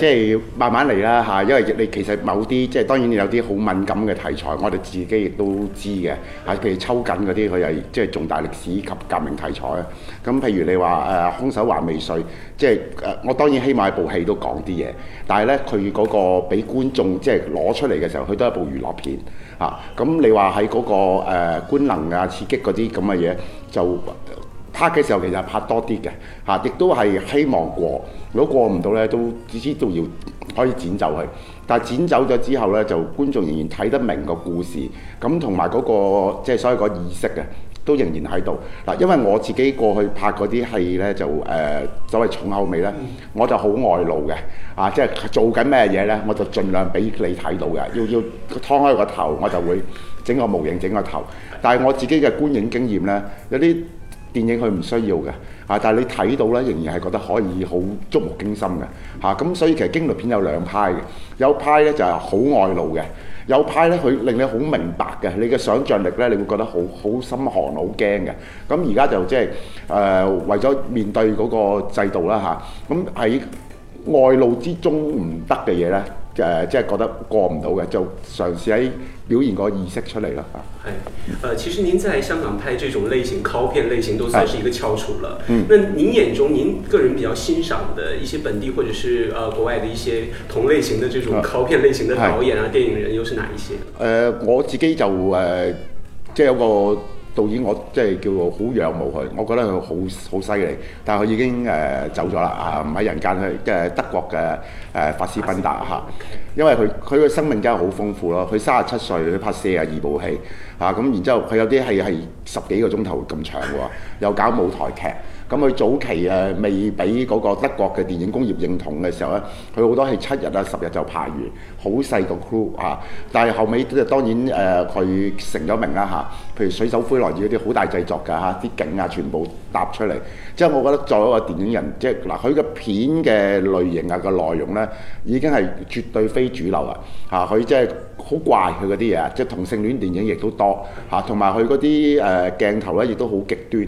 即係慢慢嚟啦嚇，因為你其實某啲即係當然你有啲好敏感嘅題材，我哋自己亦都知嘅嚇。譬如抽緊嗰啲，佢係即係重大歷史及革命題材啊。咁譬如你話誒，兇、呃、手還未睡，即係誒、呃，我當然希望喺部戲都講啲嘢，但係咧佢嗰個俾觀眾即係攞出嚟嘅時候，佢都係部娛樂片啊。咁你話喺嗰個、呃、官能啊刺激嗰啲咁嘅嘢就～拍嘅時候其實拍多啲嘅，嚇亦都係希望過，如果過唔到呢，都至少都要可以剪走佢。但係剪走咗之後呢，就觀眾仍然睇得明個故事，咁同埋嗰個即係、就是、所有個意識嘅都仍然喺度嗱。因為我自己過去拍嗰啲戲呢，就誒、呃、所謂重口味呢，我就好外露嘅，啊即係做緊咩嘢呢？我就盡、啊就是、量俾你睇到嘅。要要劏開個頭，我就會整個模型整個頭。但係我自己嘅觀影經驗呢，有啲。電影佢唔需要嘅，啊！但係你睇到咧，仍然係覺得可以好觸目驚心嘅，嚇、啊、咁所以其實驚悚片有兩派嘅，有派咧就係好外露嘅，有派咧佢令你好明白嘅，你嘅想像力咧你會覺得好好心寒、好驚嘅。咁而家就即係誒為咗面對嗰個制度啦吓，咁喺外露之中唔得嘅嘢咧，誒即係覺得過唔到嘅，就嘗試喺。表現個意識出嚟啦嚇！係，其實您在香港拍這種類型 CULT 片類型都算是一個翹楚了。嗯的，那您眼中您個人比較欣賞的一些本地或者是呃國外的一些同類型的這種 CULT 片類型的導演啊、的電影人又是哪一些？誒、呃，我自己就誒、呃，即係有個。導演我即係叫做好仰慕佢，我覺得佢好好犀利，但佢已經誒、呃、走咗啦啊！唔、呃、喺人間去，即、呃、係德國嘅誒、呃、法斯賓達嚇、啊，因為佢佢嘅生命真係好豐富咯。佢三十七歲，佢拍四廿二部戲嚇，咁、啊、然之後佢有啲係係十幾個鐘頭咁長喎、啊，又搞舞台劇。咁佢早期誒、啊、未俾嗰個德國嘅電影工業認同嘅時候咧，佢好多係七日啊十日就拍完，好細個 crew 啊！但係後尾都係當然誒，佢、呃、成咗名啦嚇、啊。譬如《水手灰諾爾》嗰啲好大製作㗎嚇，啲、啊、景啊全部搭出嚟。即、就、係、是、我覺得作為一個電影人，即係嗱，佢嘅片嘅類型啊個內容咧，已經係絕對非主流啊嚇！佢即係好怪佢嗰啲嘢，即係、就是、同性戀電影亦都多嚇，同埋佢嗰啲誒鏡頭咧亦都好極端。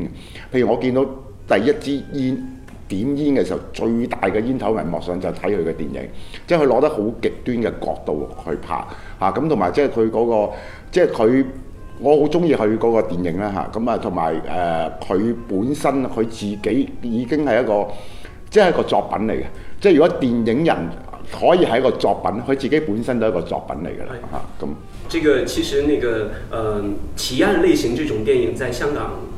譬如我見到。第一支煙點煙嘅時候，最大嘅煙頭熒幕上就睇佢嘅電影，即係佢攞得好極端嘅角度去拍嚇，咁同埋即係佢嗰個，即係佢，我好中意佢嗰個電影啦嚇，咁啊同埋誒佢本身佢自己已經係一個，即係一個作品嚟嘅，即係如果電影人可以係一個作品，佢自己本身都係一個作品嚟㗎啦嚇，咁、啊。嗯、這個其實那個，嗯、呃，奇案類型這種電影在香港。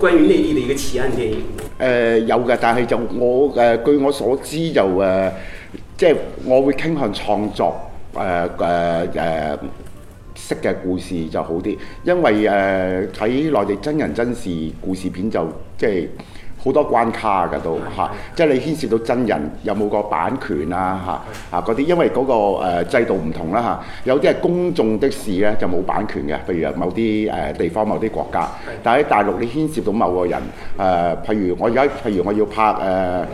關於內地的一個奇案電影，誒、呃、有嘅，但係就我誒、呃、據我所知就誒、呃，即係我會傾向創作誒誒誒式嘅故事就好啲，因為誒睇內地真人真事故事片就即係。好多關卡㗎都嚇，即係你牽涉到真人有冇個版權啊？嚇啊嗰啲，因為嗰、嗰個、呃、制度唔同啦嚇、啊。有啲係公眾的事咧就冇版權嘅，譬如某啲誒、呃、地方、某啲國家。但係喺大陸你牽涉到某個人誒、呃，譬如我而家譬如我要拍誒。呃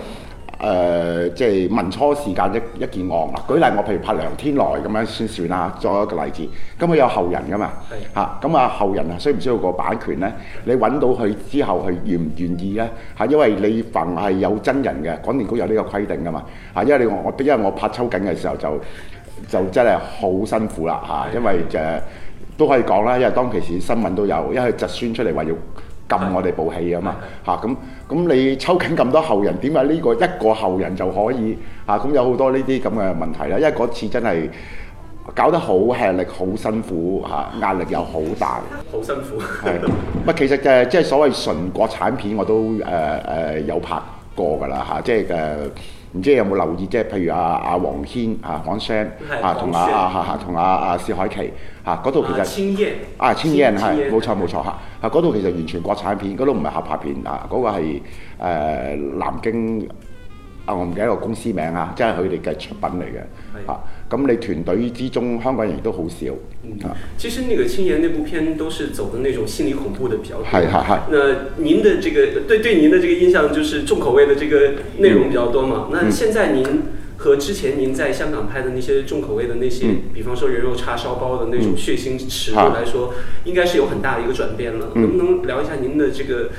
誒、呃，即係民初時間一一件案啦。舉例，我譬如拍梁天來咁樣先算啦，作一個例子。咁佢有人是、啊、後人噶嘛？係咁啊後人啊需唔需要，需要個版權咧？你揾到佢之後，佢願唔願意咧？嚇、啊，因為你凡係有真人嘅，廣電局有呢個規定噶嘛。嚇、啊，因為你我，因為我拍秋瑾嘅時候就就真係好辛苦啦嚇、啊，因為誒都是、啊、可以講啦，因為當其時新聞都有，因為侄孫出嚟話要。禁我哋部戲啊嘛，嚇，咁咁你抽緊咁多後人，點解呢個一個後人就可以啊？咁有好多呢啲咁嘅問題啦，因為嗰次真係搞得好吃力，好辛苦嚇，壓力又好大，好辛苦。唔、啊、 其實即、就、係、是就是、所謂純國產片我都誒誒有拍過㗎啦嚇，即係誒。就是啊唔知有冇留意即係譬如啊阿黃軒啊，s 韓商啊，同啊啊，阿同阿阿薛凱琪啊，嗰度其實啊，千億係冇錯，冇錯嚇，嚇嗰度其實完全國產片，嗰度唔係合拍片啊，嗰、嗰個係誒、呃、南京。啊，我唔記得個公司名真的啊，即係佢哋嘅出品嚟嘅嚇。咁你團隊之中香港人都好少。嗯，其實《那個青年》那部片都是走的那種心理恐怖的比較多。係係係。那您的這個對對您的這個印象就是重口味的這個內容比較多嘛？嗯、那現在您和之前您在香港拍的那些重口味的那些，嗯、比方說人肉叉燒包的那種血腥尺度來說，嗯嗯、應該是有很大的一個轉變了。嗯、能不能聊一下您的這個？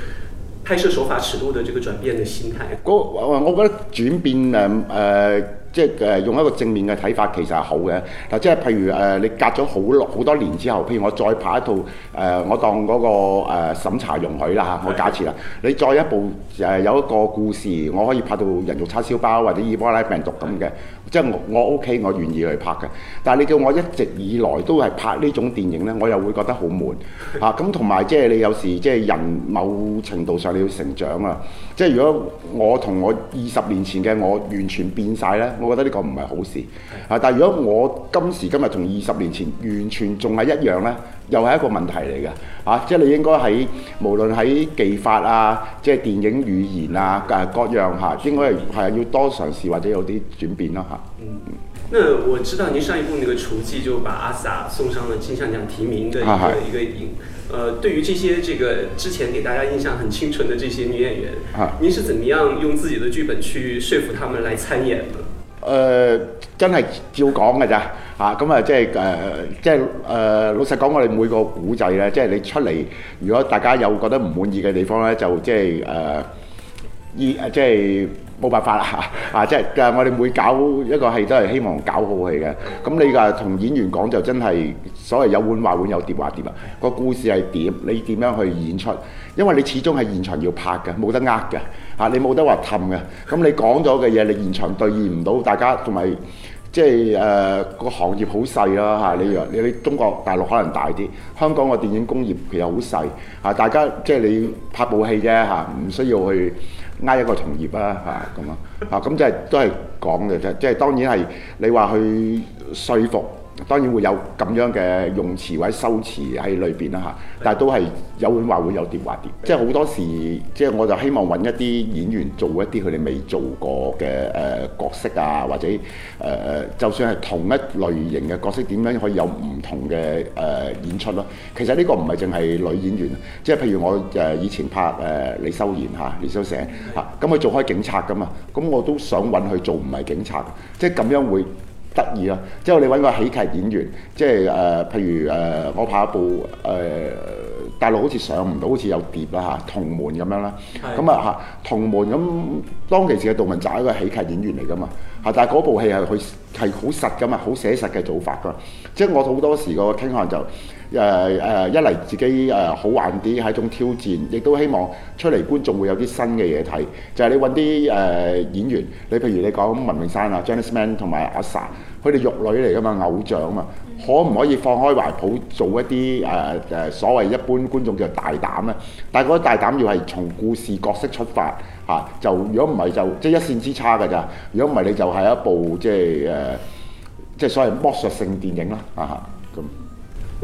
拍攝手法尺度的這個轉變的心態，嗰我，我覺得轉變誒誒、呃，即係誒、呃、用一個正面嘅睇法，其實係好嘅。嗱、呃，即係譬如誒、呃，你隔咗好好多年之後，譬如我再拍一套誒、呃，我當嗰、那個誒、呃、審查容許啦吓，我假設啦，對你再一部，誒、呃、有一個故事，我可以拍到人肉叉燒包或者伊波拉病毒咁嘅。對即係我 OK，我願意去拍嘅。但係你叫我一直以來都係拍呢種電影呢，我又會覺得好悶嚇。咁同埋即係你有時即係人某程度上你要成長啊。即係如果我同我二十年前嘅我完全變晒呢，我覺得呢個唔係好事嚇啊。但係如果我今時今日同二十年前完全仲係一樣呢，又係一個問題嚟嘅。啊！即係你應該喺無論喺技法啊，即係電影語言啊，誒各樣嚇，應該係係要多嘗試或者有啲轉變啦、啊、吓，嗯。嗯，那我知道您上一部那個《雛妓》就把阿 Sa 送上了金像獎提名的一個、嗯、一個影。啊哈。誒，對於這些這個之前給大家印象很清純的這些女演員啊，您、嗯、是怎麼樣用自己的劇本去說服他們來參演呢？誒、呃、真係照講㗎咋嚇咁啊！即係誒即係誒老實講，我哋每個古仔咧，即係你出嚟，如果大家有覺得唔滿意嘅地方咧，就即係誒依即係冇辦法啦嚇啊！即係但係我哋每搞一個戲都係希望搞好戲嘅。咁、啊、你就同演員講就真係所謂有碗話碗有碟話碟啊！個故事係點？你點樣去演出？因為你始終係現場要拍嘅，冇得呃嘅。嚇你冇得話氹嘅，咁你講咗嘅嘢你現場兌現唔到，大家同埋即係誒個行業好細啦嚇，例、啊、如你，你中國大陸可能大啲，香港個電影工業其實好細嚇，大家即係、就是、你拍部戲啫嚇，唔、啊、需要去挨一個從業啦。嚇咁咯嚇，咁即係都係講嘅啫，即、就、係、是、當然係你話去説服。當然會有咁樣嘅用詞或者修辭喺裏邊啦嚇，但係都係有會話會有跌滑跌，即係好多時，即係我就希望揾一啲演員做一啲佢哋未做過嘅誒、呃、角色啊，或者誒、呃，就算係同一類型嘅角色，點樣可以有唔同嘅誒、呃、演出咯、啊？其實呢個唔係淨係女演員，即係譬如我誒、呃、以前拍誒李修賢嚇、李修成嚇，咁、啊、佢做開警察噶嘛，咁我都想揾佢做唔係警察，即係咁樣會。得意啦！即係我哋揾個喜劇演員，即係誒，譬如誒，我拍一部，誒，大陸好似上唔到，好似有碟啦嚇，同門咁樣啦，咁啊嚇，同門咁，當其時嘅杜汶澤係一個喜劇演員嚟噶嘛。係，但係嗰部戲係佢係好實㗎嘛，好寫實嘅做法㗎。即係我好多時個傾向就誒誒、呃呃，一嚟自己誒、呃、好玩啲係一種挑戰，亦都希望出嚟觀眾會有啲新嘅嘢睇。就係、是、你搵啲誒演員，你譬如你講文詠珊啊、Janice Man 同埋阿 Sa，佢哋玉女嚟㗎嘛，偶像啊嘛。可唔可以放開懷抱做一啲誒誒所謂一般觀眾叫大膽咧？但係嗰大膽要係從故事角色出發嚇、啊，就如果唔係就即一線之差㗎咋。如果唔係你就係一部即係誒、呃、即所謂剝削性電影啦，啊咁。啊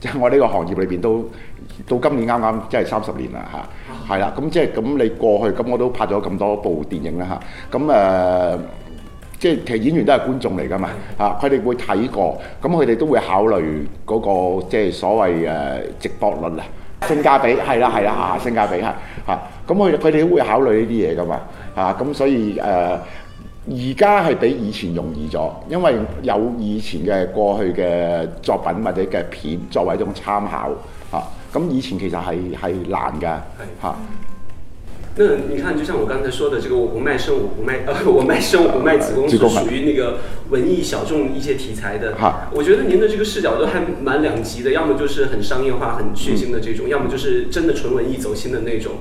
即係我呢個行業裏邊都到今年啱啱即係三十年啦嚇，係啦咁即係咁你過去咁我都拍咗咁多部電影啦嚇，咁誒、呃、即係其實演員都係觀眾嚟噶嘛嚇，佢哋會睇過，咁佢哋都會考慮嗰、那個即係所謂誒值博率價啊，性價比係啦係啦嚇，性價比係嚇咁佢佢哋都會考慮呢啲嘢噶嘛嚇，咁、啊、所以誒。呃而家係比以前容易咗，因為有以前嘅過去嘅作品或者嘅片作為一種參考，嚇、啊。咁以前其實係係難嘅，嚇的。啊、那你看，就像我剛才說的，這個我不賣身，我不賣，我賣身我不賣，呃、賣，賣子宮，是的是屬於那個文藝小眾一些題材的。的我覺得您的這個視角都還滿兩極的，要麼就是很商業化、很血腥的這種，嗯、要麼就是真的純文藝、走心的那種。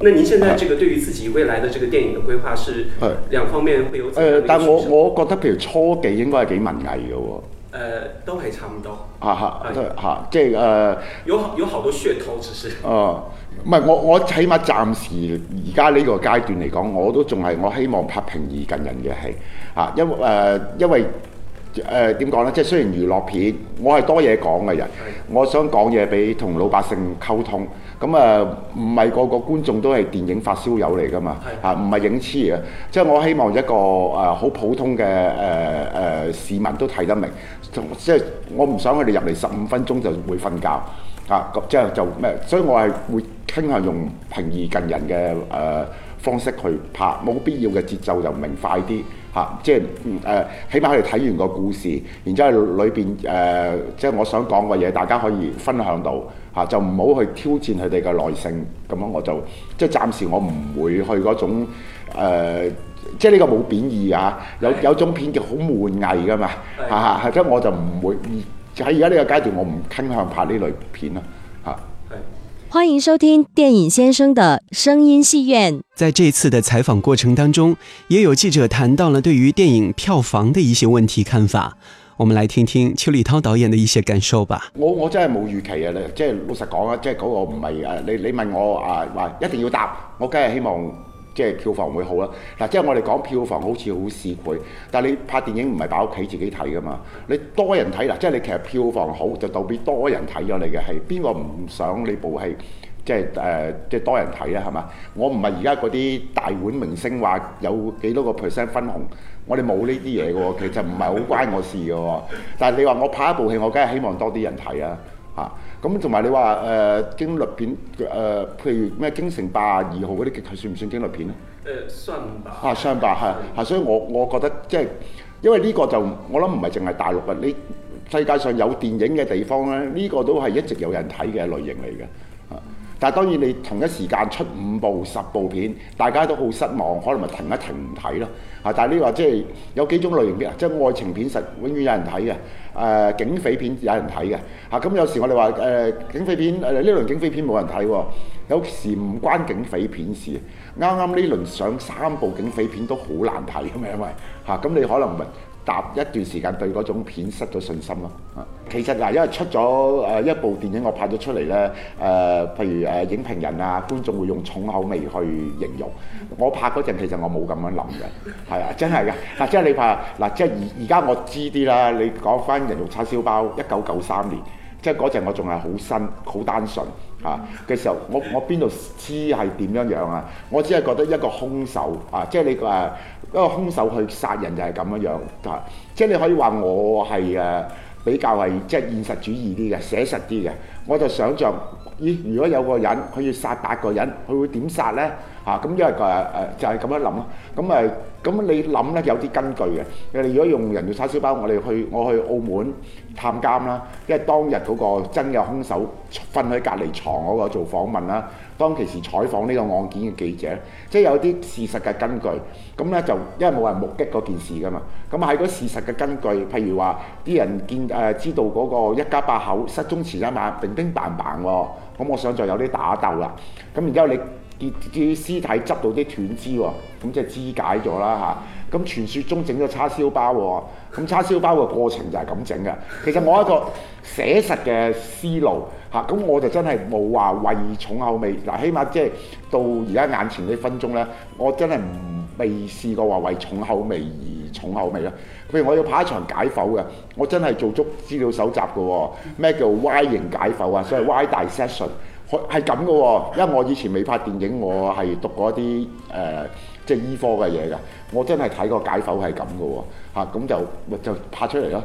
那您現在這個對於自己未來的這個電影的規劃是兩方面會有？誒、嗯，但我我覺得譬如初期應該係幾文藝嘅、哦。誒、呃，都係差唔多。吓吓吓，即係誒，呃、有有好多噱頭，只是。哦、嗯，唔係我我起碼暫時而家呢個階段嚟講，我都仲係我希望拍平易近人嘅戲。啊，因誒、呃、因為誒點講咧，即係雖然娛樂片，我係多嘢講嘅人，嗯、我想講嘢俾同老百姓溝通。咁啊，唔係個個觀眾都係電影發燒友嚟噶嘛？嚇的，唔係影痴啊！即係、就是、我希望一個誒好、呃、普通嘅誒誒市民都睇得明，即係我唔想佢哋入嚟十五分鐘就會瞓覺嚇，咁、啊、即係就咩？所以我係會傾向用平易近人嘅誒、呃、方式去拍，冇必要嘅節奏就明快啲嚇、啊，即係誒、嗯呃、起碼佢哋睇完個故事，然之後裏邊誒即係我想講嘅嘢，大家可以分享到。嚇、啊、就唔好去挑戰佢哋嘅耐性，咁樣我就即係暫時我唔會去嗰種、呃、即係呢個冇貶義啊，對有有種片叫好悶藝㗎嘛，嚇對，即係、啊、我就唔會喺而家呢個階段我唔傾向拍呢類片咯、啊，嚇、啊。係對，歡迎收聽電影先生嘅聲音戲院。在這次嘅採訪過程當中，也有記者談到了對於電影票房的一些問題看法。我們來聽聽邱禮濤導演的一些感受吧我。我我真係冇預期啊！你即係老實講啊，即係嗰個唔係誒，你你問我啊，話一定要答，我梗係希望即係票房會好啦。嗱，即係我哋講票房好似好市儈，但係你拍電影唔係擺屋企自己睇噶嘛？你多人睇嗱、啊，即係你其實票房好就代表多人睇咗你嘅，係邊個唔想你？部戲即係誒、呃、即係多人睇咧係嘛？我唔係而家嗰啲大腕明星話有幾多個 percent 分紅。我哋冇呢啲嘢嘅，其實唔係好關我事嘅。但係你話我拍一部戲，我梗係希望多啲人睇啊！嚇咁同埋你話誒驚慄片誒、呃，譬如咩《京城八二號》嗰啲，佢算唔算驚慄片咧？誒，算吧。啊，算吧，係係。所以我我覺得即係，因為呢個就我諗唔係淨係大陸嘅，你世界上有電影嘅地方咧，呢、這個都係一直有人睇嘅類型嚟嘅。但當然，你同一時間出五部十部片，大家都好失望，可能咪停一停唔睇咯。嚇！但係你話即係有幾種類型嘅，即係愛情片實永遠有人睇嘅。誒，警匪片有人睇嘅。嚇！咁有時我哋話誒警匪片呢輪警匪片冇人睇喎，有時唔關警匪片事。啱啱呢輪上三部警匪片都好難睇嘅嘛，因為嚇咁你可能咪。搭一段時間對嗰種片失咗信心咯。啊、嗯，其實嗱，因為出咗誒、呃、一部電影我拍咗出嚟咧，誒、呃、譬如誒、呃、影評人啊、觀眾會用重口味去形容。我拍嗰陣其實我冇咁樣諗嘅，係啊，真係嘅。嗱、啊，即係你拍嗱、啊，即係而而家我知啲啦。你講翻《人肉叉燒包》一九九三年，即係嗰陣我仲係好新、好單純。啊嘅時候，我我邊度知係點樣樣啊？我只係覺得一個凶手啊，即係你誒、啊、一個凶手去殺人就係咁樣樣、啊、樣、啊，即係你可以話我係誒、啊、比較係即係現實主義啲嘅寫實啲嘅，我就想象。咦，如果有個人，佢要殺八個人，佢會點殺呢？嚇、啊，咁因為誒誒、呃、就係、是、咁樣諗咯。咁、嗯、誒，咁、嗯嗯、你諗呢，有啲根據嘅。你如果用人肉叉燒包，我哋去我去澳門探監啦，因為當日嗰個真嘅兇手瞓喺隔離床嗰個做訪問啦。當其時採訪呢個案件嘅記者，即係有啲事實嘅根據，咁呢，就因為冇人目擊嗰件事噶嘛，咁喺嗰事實嘅根據，譬如話啲人見誒、呃、知道嗰個一家八口失蹤前一晚乒乒乓乓喎，咁我想就有啲打鬥啦，咁然之後你啲啲屍體執到啲斷肢喎，咁即係肢解咗啦嚇，咁傳説中整咗叉燒包喎，咁叉燒包個過程就係咁整嘅，其實我一個寫實嘅思路。嚇！咁我就真係冇話為重口味嗱，起碼即係到而家眼前呢分鐘咧，我真係唔未試過話為重口味而重口味咯。譬如我要拍一場解剖嘅，我真係做足資料搜集嘅喎。咩叫 Y 型解剖啊？所以 Y dissection，係咁嘅喎。因為我以前未拍電影，我係讀過一啲誒、呃、即係醫科嘅嘢嘅，我真係睇過解剖係咁嘅喎。嚇、啊！咁就就拍出嚟咯。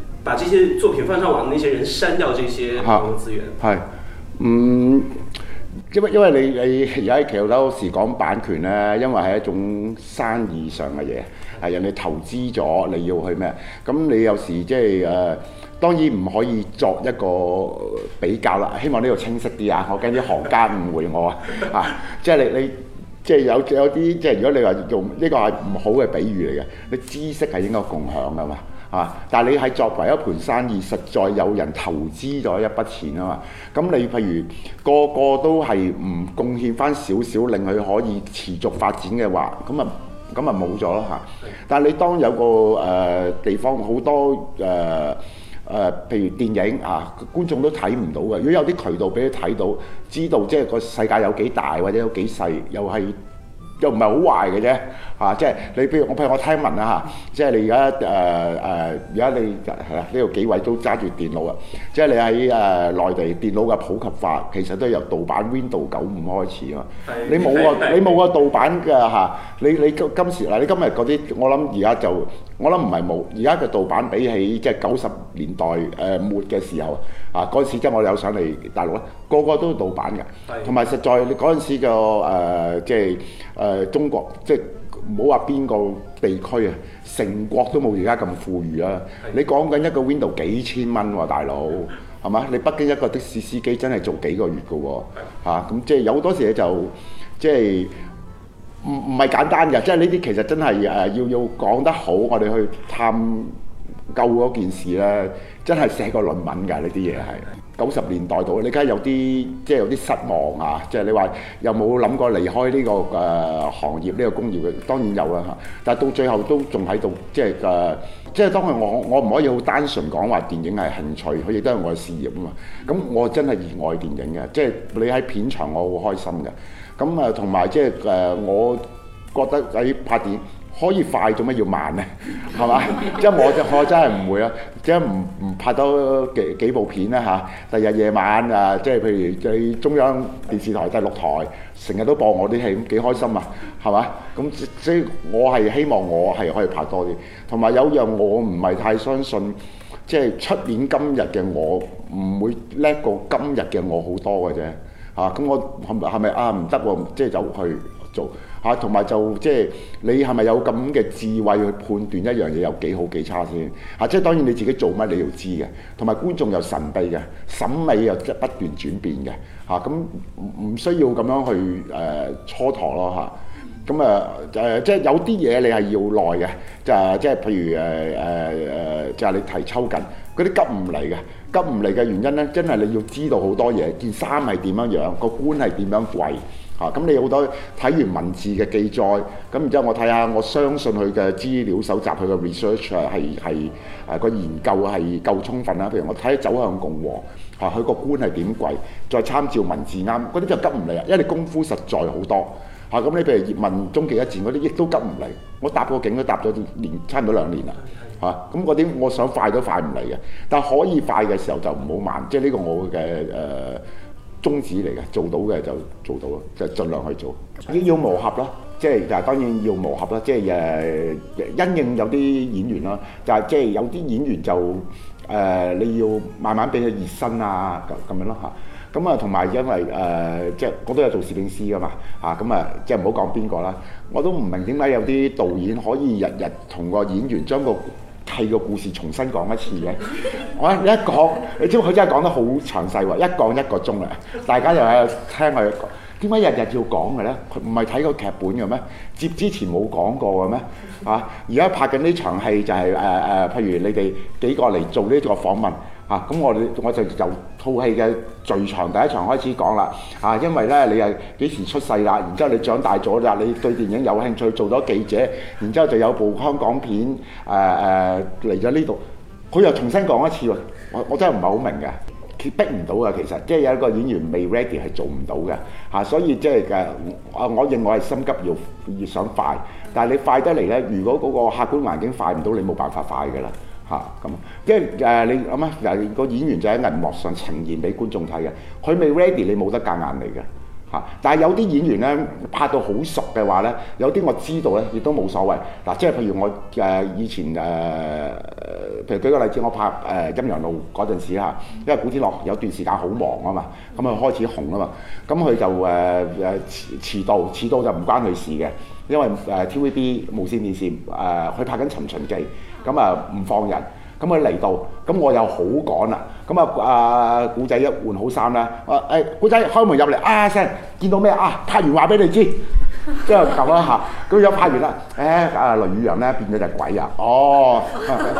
把這些作品放上網，那些人刪掉這些網絡資源。係、啊，嗯，因為因為你你而家其實有時講版權咧，因為係一種生意上嘅嘢，係人哋投資咗，你要去咩？咁你有時即係誒，當然唔可以作一個比較啦。希望呢度清晰啲啊，我驚啲行家誤會我 啊。吓，即係你你即係有有啲即係如果你話用呢個係唔好嘅比喻嚟嘅，你知識係應該共享噶嘛。啊！但係你係作為一盤生意，實在有人投資咗一筆錢啊嘛。咁、啊、你譬如個個都係唔貢獻翻少少，令佢可以持續發展嘅話，咁啊咁啊冇咗啦嚇。但係你當有個誒、呃、地方好多誒誒、呃呃，譬如電影啊，觀眾都睇唔到嘅。如果有啲渠道俾佢睇到，知道即係個世界有幾大或者有幾細，又係。又唔係好壞嘅啫，嚇、啊，即係你譬如我譬如我聽聞啊嚇，即係你而家誒誒，而、呃、家、呃、你係啊呢度幾位都揸住電腦啊，即係你喺誒、呃、內地電腦嘅普及化，其實都由盜版 Windows 九五開始對啊嘛，你冇啊你冇個盜版嘅吓？你你今今時嗱你今日嗰啲，我諗而家就。我諗唔係冇，而家嘅盜版比起即係九十年代誒、呃、末嘅時候啊，啊嗰時即係、就是、我哋有上嚟大陸咧，個個都盜版嘅，同埋是的 實在你嗰陣時嘅誒、呃、即係誒、呃、中國即係唔好話邊個地區啊，成國都冇而家咁富裕啦。是的 你講緊一個 Window 幾千蚊喎，大佬係嘛？你北京一個的士司機真係做幾個月嘅喎，咁是的、啊、即係有好多時就即係。唔唔係簡單嘅，即係呢啲其實真係誒要要講得好，我哋去探究嗰件事咧，真係寫個論文㗎，呢啲嘢係。九十年代到你梗係有啲即係有啲失望啊！即係你話有冇諗過離開呢、呢個誒、呃、行業呢、呢個工業嘅？當然有啦嚇，但係到最後都仲喺度，即係誒、呃，即係當我我唔可以好單純講話電影係興趣，佢亦都係我嘅事業啊嘛。咁我真係熱愛電影嘅，即係你喺片場我好開心嘅。咁啊，同埋即係誒、呃，我覺得喺拍電影。可以快做咩要慢呢？係嘛？ 即係我只我真係唔會咯，即係唔唔拍多幾幾部片啦嚇。第日夜晚啊，即係譬如喺中央電視台即係六台，成日都播我啲戲，幾開心啊？係嘛？咁即係我係希望我係可以拍多啲。同埋有，有樣我唔係太相信，即係出年今日嘅我唔會叻過今日嘅我好多嘅啫。嚇、啊、咁、嗯、我係咪係咪啊唔得喎？即係走去做。嚇，同埋就即係你係咪有咁嘅智慧去判斷一樣嘢有幾好幾差先？嚇、啊，即係當然你自己做乜你要知嘅，同埋觀眾又神秘嘅，審美又即係不斷轉變嘅。嚇、啊，咁唔需要咁樣去誒蹉跎咯嚇。咁啊誒，即係有啲嘢你係要耐嘅，就係即係譬如誒誒誒，就係、是、你提抽緊，嗰啲急唔嚟嘅，急唔嚟嘅原因咧，真係你要知道好多嘢，件衫係點樣樣，個官係點樣貴。啊，咁你好多睇完文字嘅記載，咁然之後我睇下我相信佢嘅資料搜集佢嘅 research 係係誒個、啊、研究係夠充分啦。譬如我睇《走向共和》啊，嚇佢個官係點貴，再參照文字啱，嗰啲就急唔嚟啊。因為你功夫實在好多嚇，咁、啊、你譬如葉問終極一戰嗰啲，亦都急唔嚟。我搭個景都搭咗年差唔多兩年啦嚇，咁嗰啲我想快都快唔嚟嘅，但可以快嘅時候就唔好慢，即係呢個我嘅誒。呃宗旨嚟嘅，做到嘅就做到咯，就盡量去做。要磨合咯，即係就係、當然要磨合啦，即係誒因應有啲演員啦，就係即係有啲演員就誒、呃、你要慢慢俾佢熱身啊，咁咁樣咯嚇。咁啊，同埋因為誒即係我都有做攝影師噶嘛，啊咁啊，即係唔好講邊個啦，我都唔明點解有啲導演可以日日同個演員將個替個故事重新講一次嘅， 我一講，你知唔知佢真係講得好詳細喎？一講一個鐘啦，大家又喺度聽佢講。點解日日要講嘅咧？佢唔係睇個劇本嘅咩？接之前冇講過嘅咩？啊！而家拍緊呢場戲就係誒誒，譬如你哋幾個嚟做呢個訪問，嚇、啊、咁我哋我就有。就套戲嘅序場第一場開始講啦，啊，因為咧你係幾時出世啦？然之後你長大咗啦，你對電影有興趣，做咗記者，然之後就有部香港片，誒誒嚟咗呢度。佢、呃、又重新講一次喎，我我真係唔係好明嘅，佢逼唔到嘅其實，即係有一個演員未 ready 係做唔到嘅，嚇、啊，所以即係嘅，我我認為係心急要要想快，但係你快得嚟咧，如果嗰個客觀環境快唔到，你冇辦法快嘅啦。嚇咁，因為誒你諗咧，嗱、呃、個、呃、演員就喺銀幕上呈現俾觀眾睇嘅，佢未 ready，你冇得夾硬嚟嘅嚇。但係有啲演員咧拍到好熟嘅話咧，有啲我知道咧，亦都冇所謂。嗱、啊，即、就、係、是、譬如我誒、呃、以前誒，譬、呃、如舉個例子，我拍誒、呃、陰陽路嗰陣時嚇，因為古天樂有段時間好忙啊嘛，咁、嗯、佢、嗯嗯嗯嗯嗯、開始紅啊嘛，咁、嗯、佢就誒誒遲遲到，遲到就唔關佢事嘅，因為誒、呃、TVB 無線電視誒佢、呃呃、拍緊《尋秦記》。咁啊，唔放人，咁佢嚟到，咁我又好趕啦。咁啊，阿古仔一換好衫啦，誒、呃，古、哎、仔開門入嚟啊聲，見到咩啊？拍完話俾你知，之後撳一下，咁有拍完啦。誒，阿雷宇揚咧變咗隻鬼啊！哦，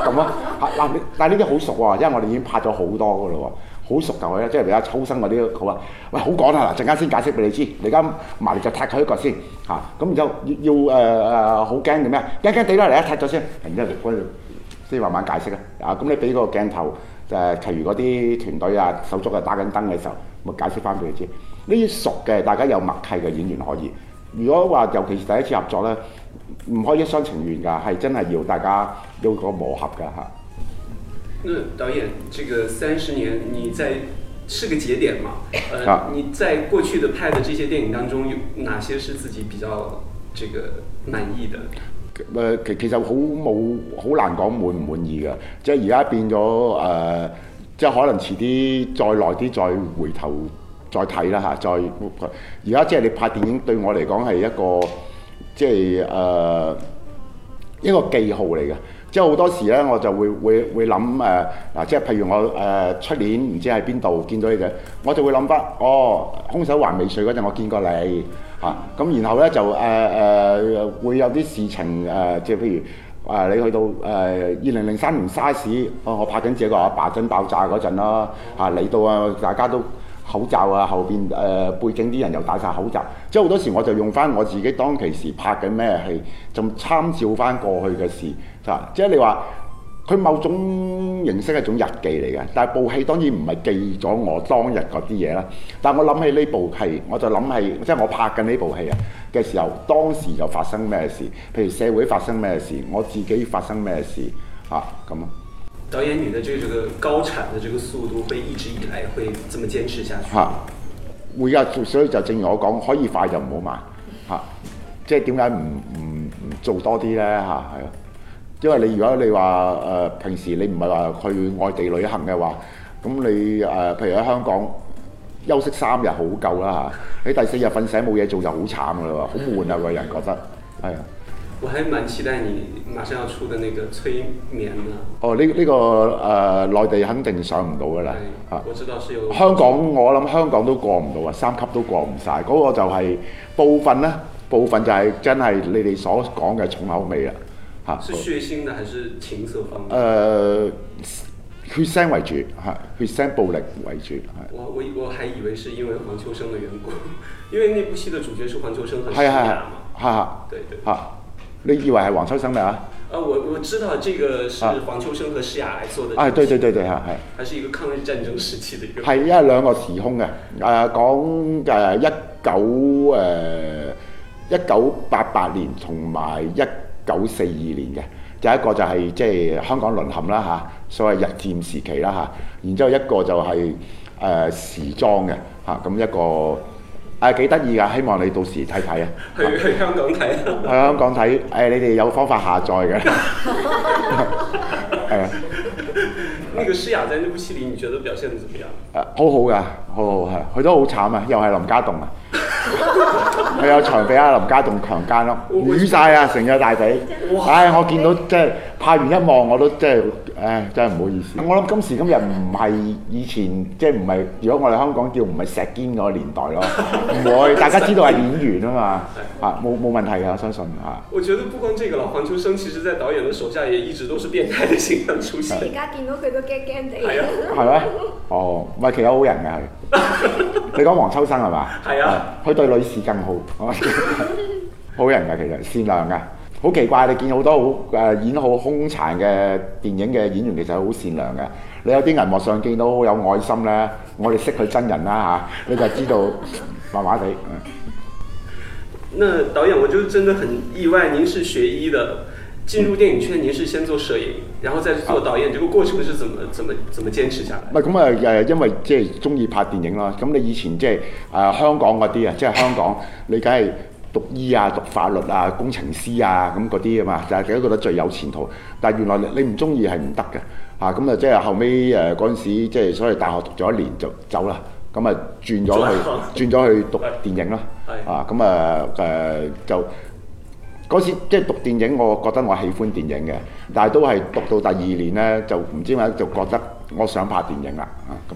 咁啊嚇嗱，但係呢啲好熟喎，因為我哋已經拍咗好多嘅嘞喎。好熟就係咧，即係比較粗生嗰啲好啊！喂，好講啦嗱，陣間先解釋俾你知。你而家埋嚟就踢佢一腳先嚇，咁、啊、然之後要要誒誒好驚嘅咩？驚驚地啦嚟一踢咗先，然之後我先慢慢解釋啦。啊，咁、嗯、你俾嗰個鏡頭誒，譬、啊、如嗰啲團隊啊、手足啊打緊燈嘅時候，咪、嗯、解釋翻俾你知。呢啲熟嘅，大家有默契嘅演員可以。如果話尤其是第一次合作咧，唔可以一廂情願㗎，係真係要大家要個磨合㗎嚇。啊那導演，這個三十年，你在是個節點嘛？呃，你在過去的拍的這些電影當中，有哪些是自己比較這個滿意的？誒，其其實好冇好難講滿唔滿意㗎，即係而家變咗誒、呃，即係可能遲啲再耐啲再回頭再睇啦吓，再而家即係你拍電影對我嚟講係一個即係誒、呃、一個記號嚟嘅。即係好多時咧、呃呃，我就會會會諗誒嗱，即係譬如我誒出年唔知喺邊度見到你嘅，我就會諗翻哦，凶手還未睡嗰陣，我見過你嚇。咁、啊、然後咧就誒誒、呃呃、會有啲事情誒、呃，即係譬如誒、呃、你去到誒二零零三年沙士、啊，我拍緊這個阿爸真爆炸嗰陣咯嚟到啊大家都口罩啊，後邊誒、呃、背景啲人又戴晒口罩。即係好多時我就用翻我自己當其時拍緊咩戲，仲參照翻過去嘅事。即係你話佢某種形式係種日記嚟嘅，但係部戲當然唔係記咗我當日嗰啲嘢啦。但係我諗起呢部戲，我就諗係即係我拍緊呢部戲啊嘅時候，當時就發生咩事？譬如社會發生咩事，我自己發生咩事嚇咁啊！導演，你的這個高產的這個速度，會一直以來會這麼堅持下去？嚇！會啊，所以就正如我講，可以快就唔好慢嚇。即係點解唔唔做多啲呢？嚇、啊？係咯、啊。因為你如果你話誒平時你唔係話去外地旅行嘅話，咁你誒、呃、譬如喺香港休息三日好夠啦嚇，喺、啊、第四日瞓醒冇嘢做就好慘噶啦喎，好悶啊個人覺得，係啊。我還滿期待你馬上要出嘅那個催眠啊、嗯！哦，呢、這、呢個誒、呃、內地肯定上唔到㗎啦嚇。我知道是有。香港我諗香港都過唔到啊，三級都過唔晒。嗰、那個就係部分呢，部分就係真係你哋所講嘅重口味啦。吓，是血腥的還是情色方面？誒、呃，血腥為主吓，血腥暴力為主。我我我，我還以為是因為黃秋生的緣故，因為那部戲的主角是黃秋生和施雅嘛，吓、啊，對對吓，你以為係黃秋生咩？吓？啊，我我知道這個是黃秋生和施雅來做的啊。啊，對對對對，係係。係一個抗日戰爭時期的一個，係因為兩個時空嘅，誒、呃、講誒一九誒一九八八年同埋一。九四二年嘅，就一個就係、是、即係香港淪陷啦嚇，所謂日佔時期啦吓，然之後一個就係誒時裝嘅嚇，咁、呃、一個誒幾得意噶，希望你到時睇睇去啊，去香港睇， 去香港睇，誒、呃、你哋有方法下載嘅。那個詩雅在那部戲裏，你覺得表現得怎麼樣？誒、啊，好好噶，好好係，佢都好慘啊，又係林家棟啊，佢 有場俾阿、啊、林家棟強奸咯，瘀晒啊，成隻、啊、大髀，唉哇、哎，我見到即係拍完一望，我都即係。真誒，真係唔好意思。我諗今時今日唔係以前，即係唔係。如果我哋香港叫唔係石堅嗰個年代咯，唔 會。大家知道係演員啊嘛，嚇冇冇問題嘅，我相信嚇。 我覺得不光這個啦，黃秋生其實在導演的手下也一直都是變態的形象出現。而家見到佢都驚驚地，係咩對？哦，唔係其實好人嘅。 你講黃秋生係嘛？係啊，佢 對女士更好， 好人嘅其實善良嘅。好奇怪，你見好多好誒、呃、演好兇殘嘅電影嘅演員，其實係好善良嘅。你有啲銀幕上見到好有愛心咧，我哋識佢真人啦吓、啊，你就知道麻麻地。 嗯。那導演，我覺得真的很意外，您是學醫的，進入電影圈，您是先做攝影，然後再做導演，啊、這個過程是怎麼、怎麼、怎麼堅持下來？唔係咁啊誒、嗯，因為即係鍾意拍電影啦。咁你以前即係誒香港嗰啲啊，即、就、係、是、香港，你梗係，讀醫啊、讀法律啊、工程師啊咁嗰啲啊嘛，就係大家覺得最有前途。但係原來你唔中意係唔得嘅嚇，咁啊即係後尾誒嗰陣時，即係所謂大學讀咗一年就走啦。咁啊轉咗去轉咗 去讀電影啦。啊咁啊誒就嗰時即係讀電影，我覺得我喜歡電影嘅，但係都係讀到第二年呢，就唔知點解就覺得我想拍電影啦啊咁。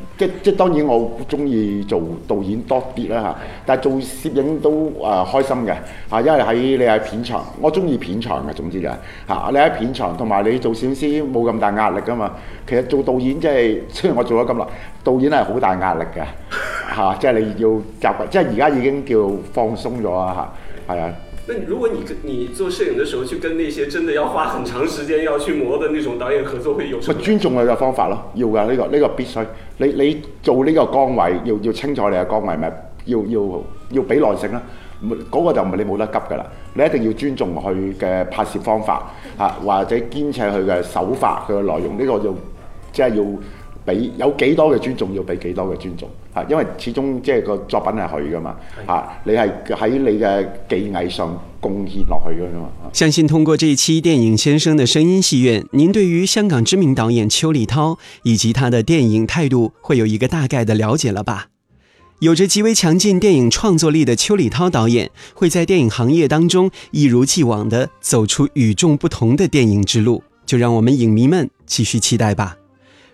即即當然我中意做導演多啲啦，嚇，但係做攝影都啊、呃、開心嘅嚇、啊，因為喺你喺片場，我中意片場嘅總之就嚇、啊、你喺片場，同埋你做攝影師冇咁大壓力噶嘛。其實做導演、就是、即係雖然我做咗咁耐，導演係好大壓力嘅嚇、啊，即係你要習即係而家已經叫放鬆咗啦嚇，係啊。如果你跟你做攝影的時候，去跟那些真的要花很長時間要去磨的那種導演合作，會有乜尊重佢嘅方法咯？要噶呢、這個呢、這個必須，你你做呢個崗位要要清楚你嘅崗位咪要要要俾耐性啦，嗰、那個就唔係你冇得急噶啦，你一定要尊重佢嘅拍攝方法啊，或者堅持佢嘅手法佢嘅內容呢、這個就即係要。俾有幾多嘅尊重，要俾幾多嘅尊重嚇，因為始終即係個作品係佢噶嘛，嚇的、啊，你係喺你嘅技藝上貢獻落去噶嘛。相信通過這一期《電影先生》的聲音戲院，您對於香港知名導演邱禮濤以及他的電影態度會有一個大概的了解了吧？有着極為強勁電影創作力的邱禮濤導演，會在電影行業當中一如既往地走出與眾不同的電影之路，就讓我們影迷們繼續期待吧。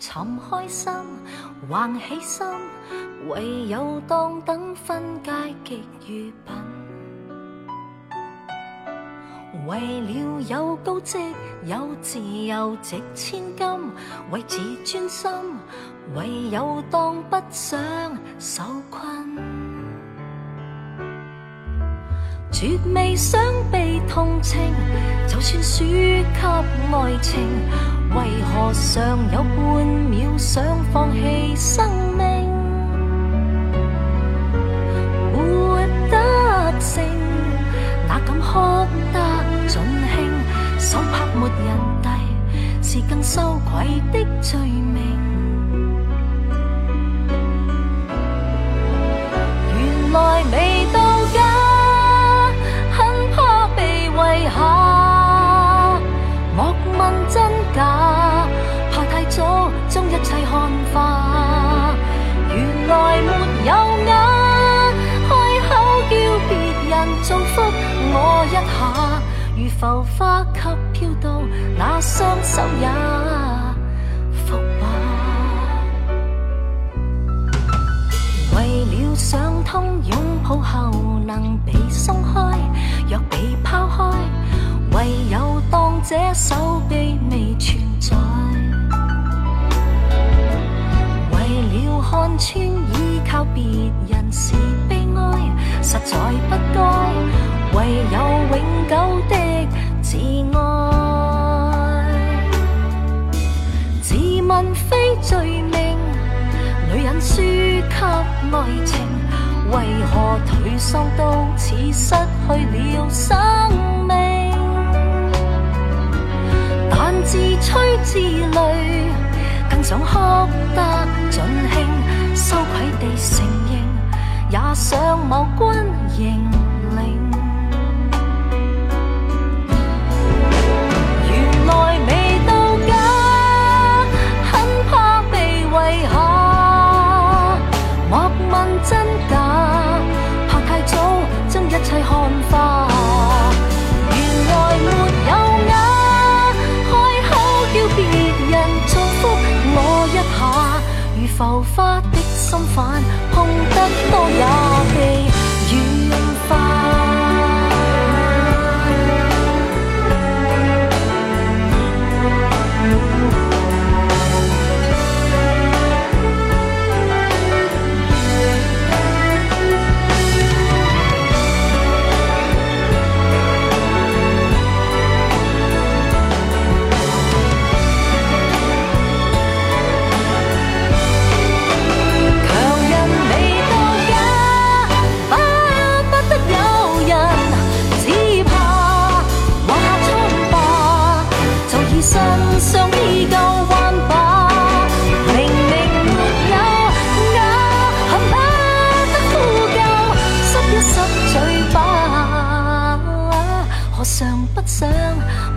尋開心，橫起心，唯有當等分界極愚笨。為了有高職，有自由值千金，為自尊心，唯有當不想受困。絕未想被同情，就算輸給愛情，為何尚有半秒想放棄生命？活得正，哪敢哭得盡興？手拍沒人遞，是更羞愧的罪名。浮花及飄到，那雙手也腐敗。為了想通，擁抱後能被鬆開，若被拋開，唯有當這手臂未存在。為了看穿，依靠別人是悲哀，實在不該。唯有永久的自愛。自問非罪名，女人輸給愛情，為何退縮到似失去了生命？但自吹自擂，更想哭得盡興，羞愧地承認，也想無君形。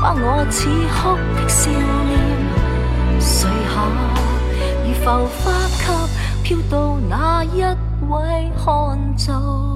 把我似哭的笑臉垂下，如浮花給飄到哪一位看造？